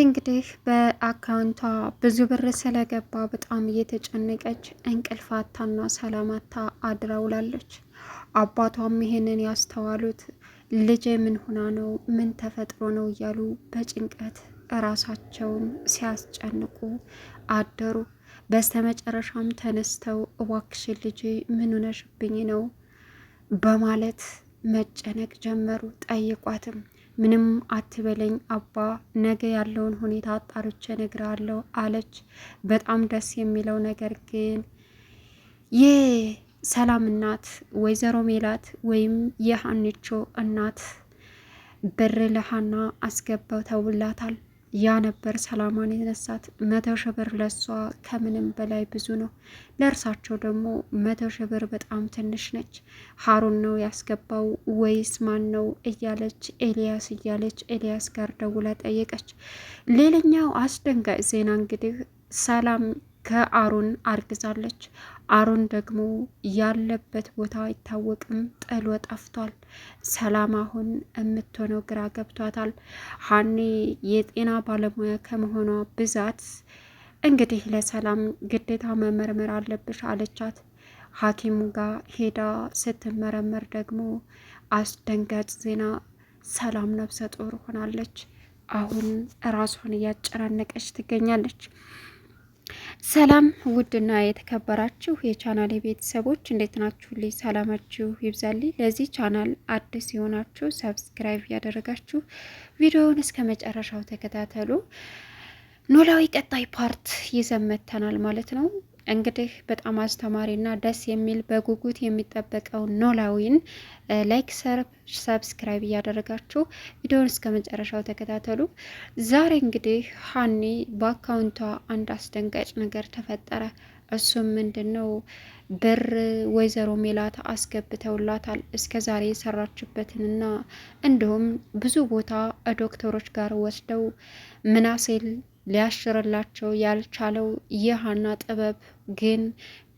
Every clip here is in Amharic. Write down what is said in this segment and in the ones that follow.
እንግዲህ በአካውንቷ ብዙ ብር ስለገባ በጣም እየተጨነቀች እንቅልፋታና ሰላማታ አድራ ውላለች። አባቷም ይሄንን ያስተዋሉት ልጄ ምን ሆና ነው ምን ተፈጥሮ ነው እያሉ በጭንቀት እራሳቸውን ሲያስጨንቁ አደሩ። በስተመጨረሻም ተነስተው እባክሽን ልጄ ምን ሆነሽብኝ ነው በማለት መጨነቅ ጀመሩ። ጠይቋትም ምንም አትበለኝ አባ፣ ነገ ያለውን ሁኔታ አጣርቼ እነግርሃለሁ አለች። በጣም ደስ የሚለው ነገር ግን ይህ ሰላም እናት ወይዘሮ ሜላት ወይም የሀኒቾ እናት ብር ለሀና አስገባው ተውላታል። ያ ነበር ሰላማን የነሳት። መቶ ሺህ ብር ለሷ ከምንም በላይ ብዙ ነው። ለእርሳቸው ደግሞ መቶ ሺህ ብር በጣም ትንሽ ነች። ሀሩን ነው ያስገባው ወይስ ማን ነው እያለች ኤልያስ እያለች ኤልያስ ጋር ደውላ ጠየቀች። ሌላኛው አስደንጋጭ ዜና እንግዲህ ሰላም ከአሩን አርግዛለች። አሮን ደግሞ ያለበት ቦታ አይታወቅም፣ ጥሎ ጠፍቷል። ሰላም አሁን የምትሆነው ግራ ገብቷታል። ሀኔ የጤና ባለሙያ ከመሆኗ ብዛት እንግዲህ ለሰላም ግዴታ መመርመር አለብሽ አለቻት። ሐኪሙ ጋር ሄዳ ስትመረመር ደግሞ አስደንጋጭ ዜና ሰላም ነፍሰ ጡር ሆናለች። አሁን ራሷን እያጨናነቀች ትገኛለች። ሰላም ውድና የተከበራችሁ የቻናል ቤተሰቦች እንዴት ናችሁ? ልጅ ሰላማችሁ ይብዛልኝ። ለዚህ ቻናል አዲስ የሆናችሁ ሰብስክራይብ ያደረጋችሁ ቪዲዮውን እስከ መጨረሻው ተከታተሉ። ኖላዊ ቀጣይ ፓርት ይዘመተናል ማለት ነው። እንግዲህ በጣም አስተማሪና ደስ የሚል በጉጉት የሚጠበቀው ኖላዊን ላይክ፣ ሰብስክራይብ እያደረጋችሁ ቪዲዮን እስከ መጨረሻው ተከታተሉ። ዛሬ እንግዲህ ሀኒ በአካውንቷ አንድ አስደንጋጭ ነገር ተፈጠረ። እሱም ምንድን ነው? ብር ወይዘሮ ሜላት አስገብተውላታል። እስከ ዛሬ የሰራችበትንና እንዲሁም ብዙ ቦታ ዶክተሮች ጋር ወስደው ምናሴል ሊያሽርላቸው ያልቻለው የሀና ጥበብ ግን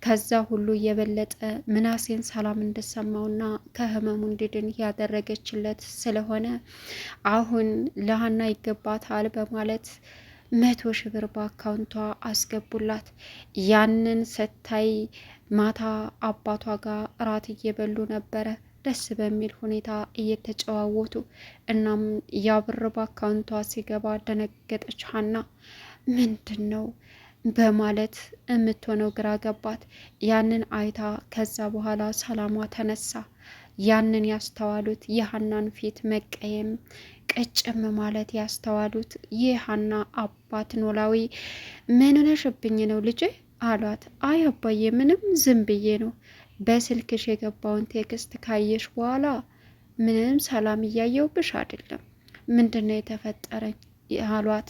ከዛ ሁሉ የበለጠ ምናሴን ሰላም እንድሰማውና ከህመሙ እንዲድን ያደረገችለት ስለሆነ አሁን ለሀና ይገባታል በማለት መቶ ሺህ ብር በአካውንቷ አስገቡላት። ያንን ስታይ ማታ አባቷ ጋር እራት እየበሉ ነበረ። ደስ በሚል ሁኔታ እየተጨዋወቱ እናም ያብር በአካውንቷ ሲገባ ደነገጠች። ሀና ምንድን ነው በማለት የምትሆነው ግራ ገባት። ያንን አይታ ከዛ በኋላ ሰላሟ ተነሳ። ያንን ያስተዋሉት የሀናን ፊት መቀየም፣ ቅጭም ማለት ያስተዋሉት የሀና አባት ኖላዊ ምን ነሽብኝ ነው ልጄ አሏት። አይ አባዬ ምንም ዝም ብዬ ነው በስልክሽ የገባውን ቴክስት ካየሽ በኋላ ምንም ሰላም እያየውብሽ አይደለም፣ ምንድን ነው የተፈጠረ አሏት።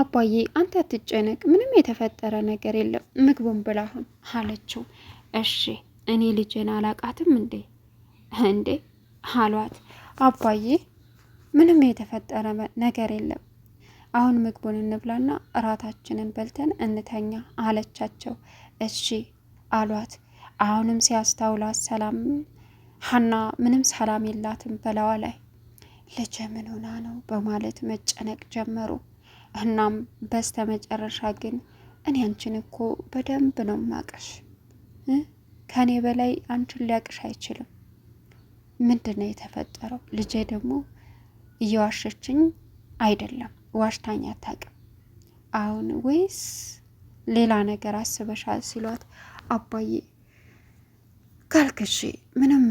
አባዬ አንተ አትጨነቅ፣ ምንም የተፈጠረ ነገር የለም፣ ምግቡን ብላሁን አለችው። እሺ እኔ ልጅን አላቃትም እንዴ እንዴ አሏት። አባዬ ምንም የተፈጠረ ነገር የለም፣ አሁን ምግቡን እንብላና እራታችንን በልተን እንተኛ አለቻቸው። እሺ አሏት። አሁንም ሲያስታውላት ሰላም ሀና ምንም ሰላም የላትም በላዋ ላይ ልጄ ምን ሆና ነው በማለት መጨነቅ ጀመሩ። እናም በስተ መጨረሻ ግን እኔ አንቺን እኮ በደንብ ነው ማቀሽ፣ ከእኔ በላይ አንቺን ሊያቅሽ አይችልም። ምንድን ነው የተፈጠረው? ልጄ ደግሞ እየዋሸችኝ አይደለም፣ ዋሽታኝ አታውቅም። አሁን ወይስ ሌላ ነገር አስበሻል? ሲሏት አባዬ ካልክሺ ምንም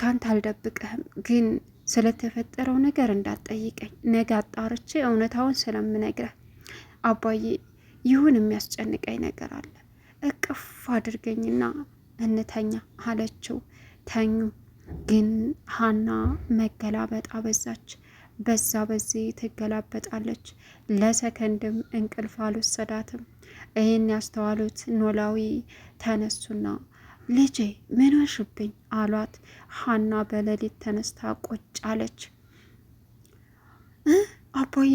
ካንተ አልደብቅህም፣ ግን ስለተፈጠረው ነገር እንዳትጠይቀኝ። ነገ አጣርቼ እውነታውን ስለምነግረህ አባዬ፣ ይሁን የሚያስጨንቀኝ ነገር አለ። እቅፍ አድርገኝና እንተኛ አለችው። ተኙ። ግን ሀና መገላበጥ አበዛች። በዛ በዚህ ትገላበጣለች። ለሰከንድም እንቅልፍ አልወሰዳትም። ይህን ያስተዋሉት ኖላዊ ተነሱና ልጄ ምን ሆንሽብኝ አሏት። ሀና በሌሊት ተነስታ ቆጭ አለች። አባዬ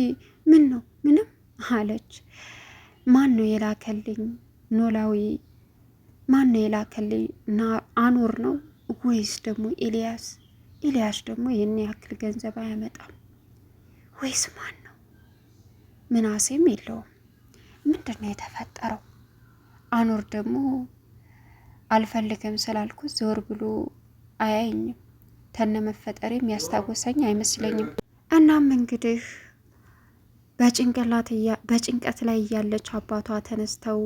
ምን ነው? ምንም አለች። ማን ነው የላከልኝ? ኖላዊ ማን ነው የላከልኝ? አኑር ነው ወይስ ደግሞ ኤልያስ? ኤልያስ ደግሞ ይህን ያክል ገንዘብ አያመጣም። ወይስ ማን ነው? ምናሴም የለውም። ምንድን ነው የተፈጠረው? አኑር ደግሞ አልፈልግም ስላልኩ ዞር ብሎ አያይኝም። ተነ መፈጠር የሚያስታውሰኝ አይመስለኝም። እናም እንግዲህ በጭንቀት ላይ እያለች አባቷ ተነስተው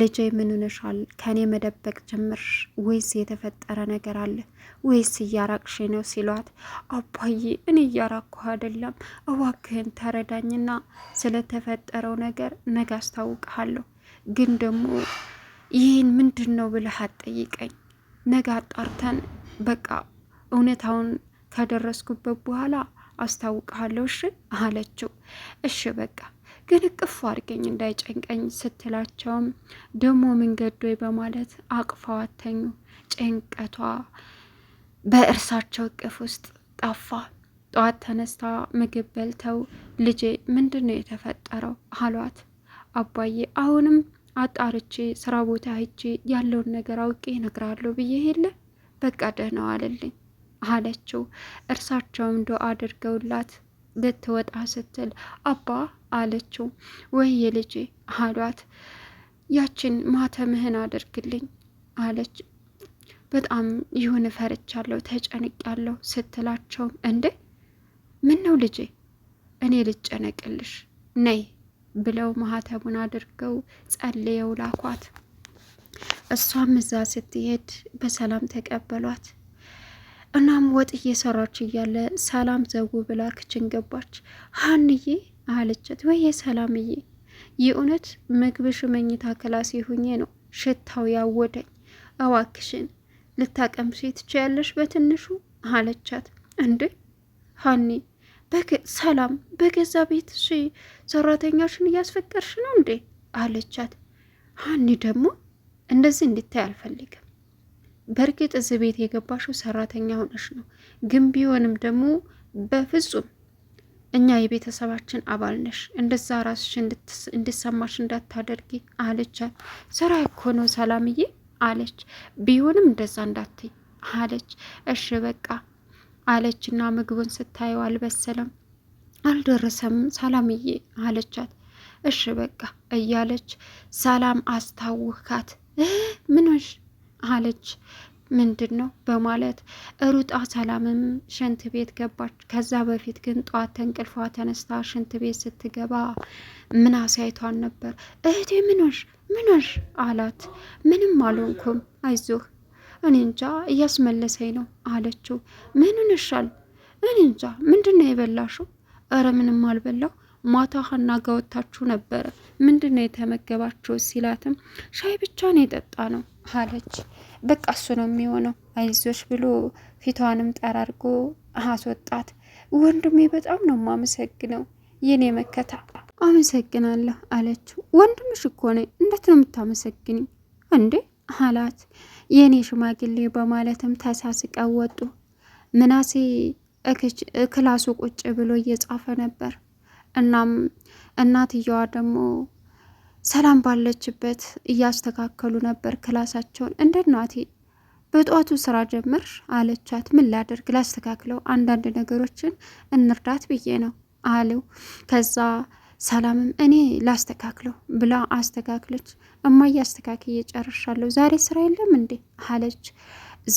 ልጄ ምን ሆነሻል? ከኔ መደበቅ ጀምር ወይስ የተፈጠረ ነገር አለ ወይስ እያራቅሽ ነው ሲሏት፣ አባዬ እኔ እያራኩ አይደለም፣ እዋክህን ተረዳኝና ስለተፈጠረው ነገር ነገ አስታውቅሃለሁ ግን ደግሞ ይህን ምንድን ነው ብለህ አትጠይቀኝ። ነገ አጣርተን በቃ እውነታውን ከደረስኩበት በኋላ አስታውቅሃለሁ እሺ አለችው። እሺ በቃ ግን እቅፉ አድርገኝ እንዳይጨንቀኝ ስትላቸውም ደግሞ ምንገዶይ በማለት አቅፋው አተኙ ጭንቀቷ በእርሳቸው እቅፍ ውስጥ ጠፋ። ጠዋት ተነስታ ምግብ በልተው ልጄ ምንድን ነው የተፈጠረው አሏት። አባዬ አሁንም አጣርቼ ስራ ቦታ ሄጄ ያለውን ነገር አውቄ እነግራለሁ ብዬ ሄለ በቃ ደህና አለልኝ አለችው። እርሳቸውም ዶ አድርገውላት ልትወጣ ስትል አባ አለችው። ወይ ልጄ አሏት። ያችን ማተምህን አድርግልኝ አለች። በጣም ይሁን ፈርቻለሁ፣ ተጨንቄያለሁ ስትላቸውም እንዴ ምን ነው ልጄ እኔ ልጨነቅልሽ ነይ ብለው ማህተቡን አድርገው ጸልየው ላኳት። እሷም እዛ ስትሄድ በሰላም ተቀበሏት። እናም ወጥ እየሰራች እያለ ሰላም ዘው ብላ ክችን ገባች። ሀንዬ አለቻት። ወየ ሰላምዬ፣ የእውነት ምግብሽ መኝታ ክላስ ሁኜ ነው ሽታው ያወደኝ። እባክሽን ልታቀምሺ ትችያለሽ በትንሹ አለቻት። እንዴ ሀኔ ሰላም በገዛ ሺ ሰራተኛሽን እያስፈቀርሽ ነው እንዴ? አለቻት። ሀኒ ደግሞ እንደዚህ እንድታይ አልፈልግም። በእርግጥ እዚህ ቤት የገባሽው ሰራተኛ ሆነሽ ነው፣ ግን ቢሆንም ደግሞ በፍጹም እኛ የቤተሰባችን አባል ነሽ፣ እንደዛ ራስሽ እንድሰማሽ እንዳታደርጊ አለቻት። ስራ እኮ ነው ሰላምዬ አለች። ቢሆንም እንደዛ እንዳትይ አለች። እሺ በቃ አለችና ምግቡን ስታየው አልበሰለም፣ አልደረሰም ሰላምዬ አለቻት። እሺ በቃ እያለች ሰላም አስታውካት ምንሽ አለች። ምንድን ነው በማለት ሩጣ ሰላምም ሽንት ቤት ገባች። ከዛ በፊት ግን ጠዋት ተንቅልፏ ተነስታ ሽንት ቤት ስትገባ ምን አሳይቷን ነበር። እህቴ ምኖሽ ምኖሽ አላት። ምንም አልሆንኩም አይዞህ እኔ እንጃ እያስመለሰኝ ነው አለችው። ምን እንሻል? እኔ እንጃ ምንድን ነው የበላሽው? እረ ምንም አልበላው ማታ ሀና ጋ ነበረ ምንድን ነው የተመገባችሁ? ሲላትም ሻይ ብቻ ነው የጠጣ ነው አለች። በቃ እሱ ነው የሚሆነው አይዞች ብሎ ፊቷንም ጠራርጎ አስወጣት። ወንድሜ በጣም ነው የማመሰግነው የኔ መከታ አመሰግናለሁ አለችው። ወንድምሽ እኮ ነኝ፣ እንዴት ነው የምታመሰግኝ እንዴ? አላት። የኔ ሽማግሌ በማለትም ተሳስቀው ወጡ። ምናሴ ክላሱ ቁጭ ብሎ እየጻፈ ነበር። እናም እናትየዋ ደግሞ ሰላም ባለችበት እያስተካከሉ ነበር ክላሳቸውን። እንደ እናቴ በጠዋቱ ስራ ጀምር አለቻት። ምን ላደርግ ላስተካክለው፣ አንዳንድ ነገሮችን እንርዳት ብዬ ነው አለው። ከዛ ሰላምም እኔ ላስተካክለው ብላ አስተካክለች። እማዬ አስተካክዬ ጨርሻለሁ ዛሬ ስራ የለም እንዴ አለች።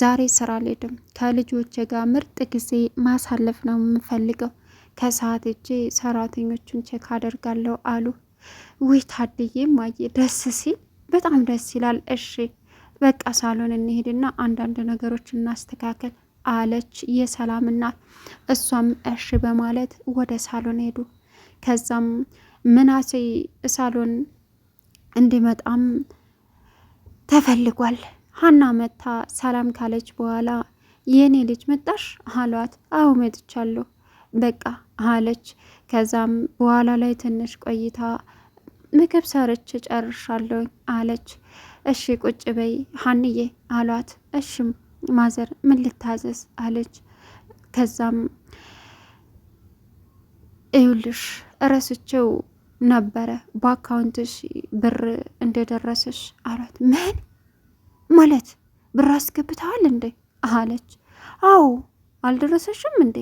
ዛሬ ስራ አልሄድም ከልጆች ጋር ምርጥ ጊዜ ማሳለፍ ነው የምፈልገው። ከሰዓት እጄ ሰራተኞቹን ቼክ አደርጋለሁ አሉ። ውይ ታድዬ እማዬ ደስ ሲል በጣም ደስ ይላል። እሺ በቃ ሳሎን እንሄድና አንዳንድ ነገሮች እናስተካከል አለች የሰላም እናት። እሷም እሺ በማለት ወደ ሳሎን ሄዱ። ከዛም ምናሴ ሳሎን እንዲመጣም ተፈልጓል። ሀና መታ ሰላም ካለች በኋላ የእኔ ልጅ መጣሽ አሏት። አዎ መጥቻለሁ በቃ አለች። ከዛም በኋላ ላይ ትንሽ ቆይታ ምግብ ሰርች ጨርሻለሁ አለች። እሺ ቁጭ በይ ሀንዬ አሏት። እሽም ማዘር ምን ልታዘዝ አለች። ከዛም እዩልሽ እረስቸው ነበረ በአካውንትሽ ብር እንደደረሰሽ አሏት። ምን ማለት ብር አስገብተዋል እንዴ አለች። አዎ አልደረሰሽም እንዴ?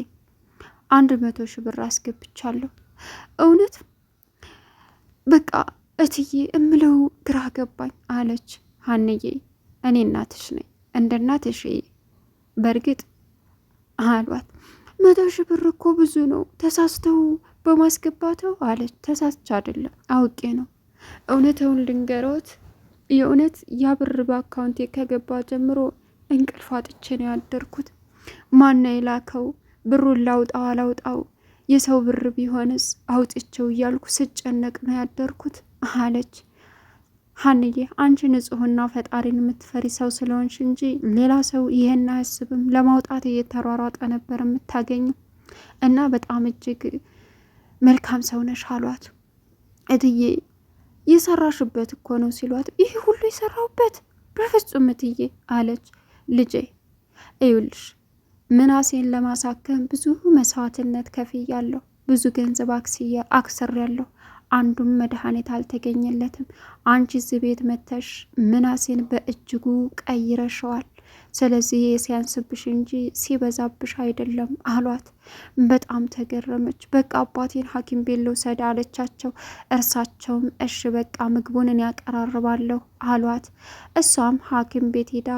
አንድ መቶ ሺህ ብር አስገብቻለሁ። እውነት በቃ እትዬ እምለው ግራ ገባኝ አለች። ሀንዬ እኔ እናትሽ ነኝ እንደ እናትሽ በእርግጥ አሏት። መቶ ሺህ ብር እኮ ብዙ ነው ተሳስተው በማስገባተው አለች። ተሳስቻ አይደለም አውቄ ነው። እውነተውን ልንገሮት፣ የእውነት ያብር ብር በአካውንቴ ከገባ ጀምሮ እንቅልፍ አጥቼ ነው ያደርኩት። ማና የላከው ብሩን ላውጣው አላውጣው የሰው ብር ቢሆንስ አውጥቼው እያልኩ ስጨነቅ ነው ያደርኩት አለች። ሀንዬ አንቺ ንጹህና ፈጣሪን የምትፈሪ ሰው ስለሆንሽ እንጂ ሌላ ሰው ይሄን አያስብም። ለማውጣት እየተሯሯጠ ነበር የምታገኘው እና በጣም እጅግ መልካም ሰው ነሽ አሏት። እትዬ የሰራሽበት እኮ ነው ሲሏት፣ ይህ ሁሉ የሰራሁበት በፍጹም እትዬ አለች። ልጄ እዩልሽ ምናሴን ለማሳከም ብዙ መስዋዕትነት ከፍያለሁ፣ ብዙ ገንዘብ አክሰር አክስሬያለሁ። አንዱም መድኃኒት አልተገኘለትም። አንቺ እዚህ ቤት መተሽ ምናሴን በእጅጉ ቀይረሸዋል። ስለዚህ ሲያንስብሽ እንጂ ሲበዛብሽ አይደለም አሏት። በጣም ተገረመች። በቃ አባቴን ሐኪም ቤት ልውሰድ አለቻቸው። እርሳቸውም እሽ በቃ ምግቡን እኔ ያቀራርባለሁ አሏት። እሷም ሐኪም ቤት ሄዳ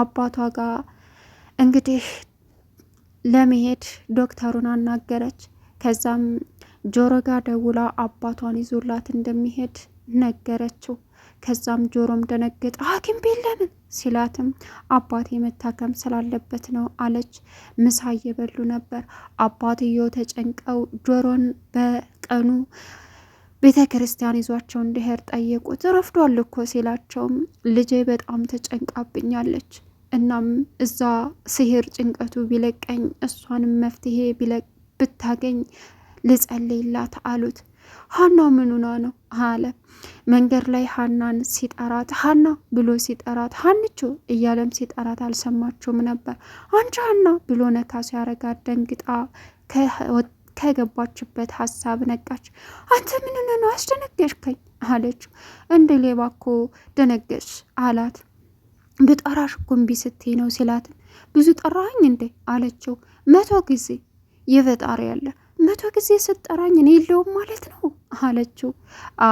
አባቷ ጋር እንግዲህ ለመሄድ ዶክተሩን አናገረች። ከዛም ጆሮ ጋር ደውላ አባቷን ይዞላት እንደሚሄድ ነገረችው። ከዛም ጆሮም ደነገጠ። ሐኪም ቤት ለምን ሲላትም አባቴ መታከም ስላለበት ነው አለች። ምሳ እየበሉ ነበር። አባትየው ተጨንቀው ጆሮን በቀኑ ቤተ ክርስቲያን ይዟቸው እንዲሄድ ጠየቁት። ረፍዷል እኮ ሲላቸውም ልጄ በጣም ተጨንቃብኛለች እናም እዛ ስሄር ጭንቀቱ ቢለቀኝ እሷንም መፍትሄ ብታገኝ ልጸልይላት አሉት። ሀና ምኑና ነው አለ። መንገድ ላይ ሀናን ሲጠራት ሀና ብሎ ሲጠራት ሀንቾ እያለም ሲጠራት አልሰማችሁም ነበር። አንቺ ሀና ብሎ ነካ ሲያረጋት ደንግጣ ከገባችበት ሀሳብ ነቃች። አንተ ምኑን ነው አስደነገጥከኝ አለች። እንደ ሌባ እኮ ደነገጥሽ አላት። ብጠራሽ እኮ እምቢ ስትይ ነው ሲላትም ብዙ ጠራኸኝ እንዴ አለችው። መቶ ጊዜ የፈጣሪ ያለ መቶ ጊዜ ስጠራኝ እኔ የለውም ማለት ነው አለችው።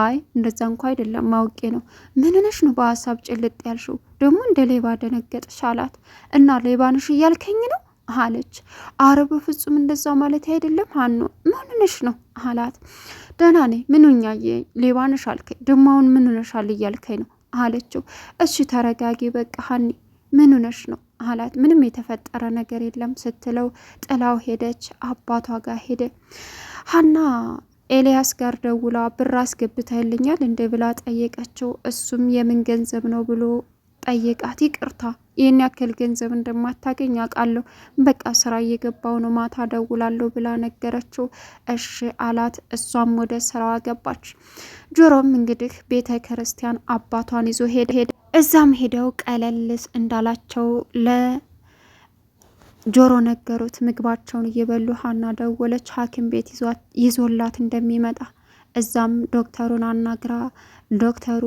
አይ እንደዛ እንኳ አይደለም ማውቄ ነው። ምንነሽ ነው በሀሳብ ጭልጥ ያልሽው? ደግሞ እንደ ሌባ ደነገጥሽ አላት። እና ሌባንሽ እያልከኝ ነው አለች። አረ በፍጹም እንደዛው ማለት አይደለም ሀኖ፣ ምንነሽ ነው አላት። ደህና ነኝ። ምንኛ ሌባንሽ አልከኝ፣ ደግሞ አሁን ምንነሻል እያልከኝ ነው አለችው። እሺ ተረጋጊ በቃ ሀኒ፣ ምንነሽ ነው አላት። ምንም የተፈጠረ ነገር የለም ስትለው ጥላው ሄደች። አባቷ ጋር ሄደ። ሀና ኤልያስ ጋር ደውላ ብር አስገብተህልኛል እንደ ብላ ጠየቀችው። እሱም የምን ገንዘብ ነው ብሎ ጠየቃት። ይቅርታ ይህን ያክል ገንዘብ እንደማታገኝ አውቃለሁ፣ በቃ ስራ እየገባው ነው ማታ ደውላለሁ ብላ ነገረችው። እሺ አላት። እሷም ወደ ስራዋ ገባች። ጆሮም እንግዲህ ቤተ ክርስቲያን አባቷን ይዞ ሄደ። እዛም ሄደው ቀለልስ እንዳላቸው ለጆሮ ነገሩት። ምግባቸውን እየበሉ ሀና ደወለች፣ ሐኪም ቤት ይዞላት እንደሚመጣ እዛም ዶክተሩን አናግራ ዶክተሩ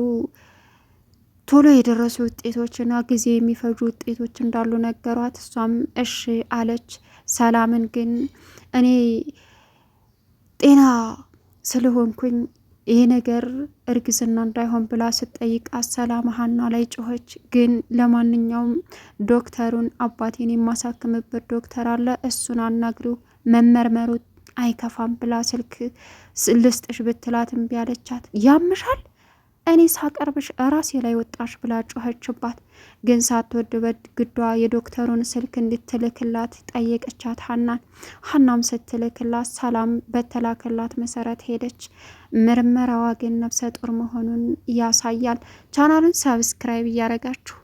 ቶሎ የደረሱ ውጤቶችና ጊዜ የሚፈጁ ውጤቶች እንዳሉ ነገሯት። እሷም እሺ አለች። ሰላምን ግን እኔ ጤና ስለሆንኩኝ ይሄ ነገር እርግዝና እንዳይሆን ብላ ስትጠይቃት ሰላም ሀና ላይ ጮኸች። ግን ለማንኛውም ዶክተሩን አባቴን የማሳክምበት ዶክተር አለ እሱን አናግሪው መመርመሩ አይከፋም ብላ ስልክ ልስጥሽ ብትላት እምቢ አለቻት። ያምሻል እኔ ሳቀርብሽ ራሴ ላይ ወጣሽ ብላ ጮኸችባት። ግን ሳትወድ በግዷ የዶክተሩን ስልክ እንድትልክላት ጠየቀቻት ሀናን። ሀናም ስትልክላት ሰላም በተላከላት መሰረት ሄደች። ምርመራዋ ግን ነፍሰ ጡር መሆኑን ያሳያል። ቻናሉን ሰብስክራይብ እያደረጋችሁ